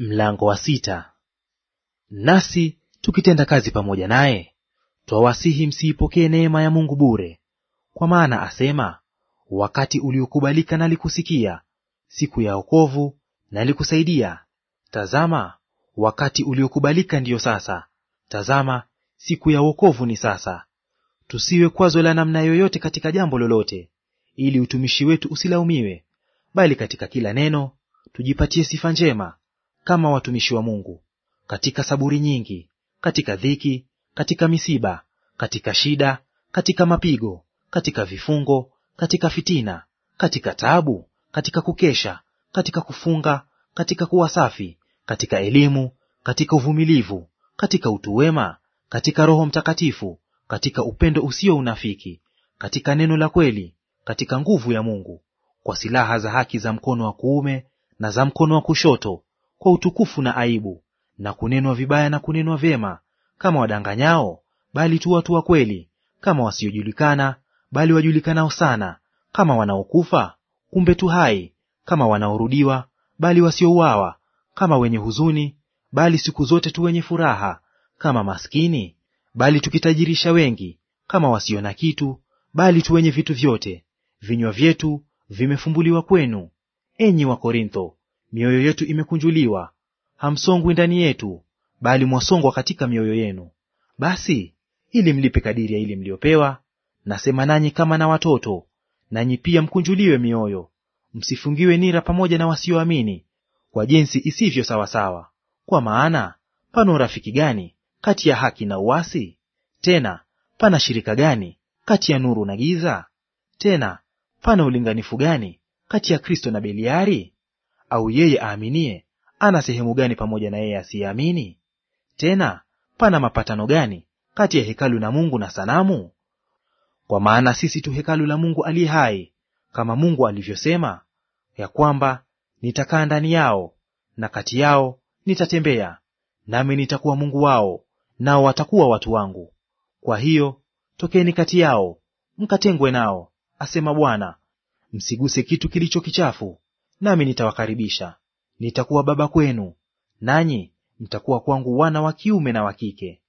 Mlango wa sita. Nasi tukitenda kazi pamoja naye, twawasihi msiipokee neema ya Mungu bure, kwa maana asema, wakati uliokubalika nalikusikia, siku ya wokovu nalikusaidia. Tazama, wakati uliokubalika ndiyo sasa; tazama, siku ya wokovu ni sasa. Tusiwe kwazo la namna yoyote katika jambo lolote, ili utumishi wetu usilaumiwe, bali katika kila neno tujipatie sifa njema kama watumishi wa Mungu, katika saburi nyingi, katika dhiki, katika misiba, katika shida, katika mapigo, katika vifungo, katika fitina, katika taabu, katika kukesha, katika kufunga, katika kuwa safi, katika elimu, katika uvumilivu, katika utu wema, katika Roho Mtakatifu, katika upendo usio unafiki, katika neno la kweli, katika nguvu ya Mungu, kwa silaha za haki za mkono wa kuume na za mkono wa kushoto kwa utukufu na aibu, na kunenwa vibaya na kunenwa vyema, kama wadanganyao, bali tu watu wa kweli, kama wasiojulikana, bali wajulikanao sana, kama wanaokufa, kumbe tu hai, kama wanaorudiwa, bali wasiouawa, kama wenye huzuni, bali siku zote tu wenye furaha, kama maskini, bali tukitajirisha wengi, kama wasio na kitu, bali tu wenye vitu vyote. Vinywa vyetu vimefumbuliwa kwenu, enyi Wakorintho, mioyo yetu imekunjuliwa, hamsongwi ndani yetu, bali mwasongwa katika mioyo yenu. Basi ili mlipe kadiri ya ile mliyopewa. Nasema nanyi kama na watoto, nanyi pia mkunjuliwe mioyo, msifungiwe nira pamoja na wasioamini kwa jinsi isivyo sawasawa. Kwa maana pana urafiki gani kati ya haki na uasi? Tena pana shirika gani kati ya nuru na giza? Tena pana ulinganifu gani kati ya Kristo na Beliari? Au yeye aaminie ana sehemu gani pamoja na yeye asiyeamini? Tena pana mapatano gani kati ya hekalu la Mungu na sanamu? Kwa maana sisi tu hekalu la Mungu aliye hai, kama Mungu alivyosema ya kwamba, nitakaa ndani yao na kati yao nitatembea, nami nitakuwa Mungu wao, nao watakuwa watu wangu. Kwa hiyo tokeni kati yao, mkatengwe nao, asema Bwana, msiguse kitu kilicho kichafu nami nitawakaribisha. Nitakuwa baba kwenu, nanyi mtakuwa kwangu wana wa kiume na wa kike.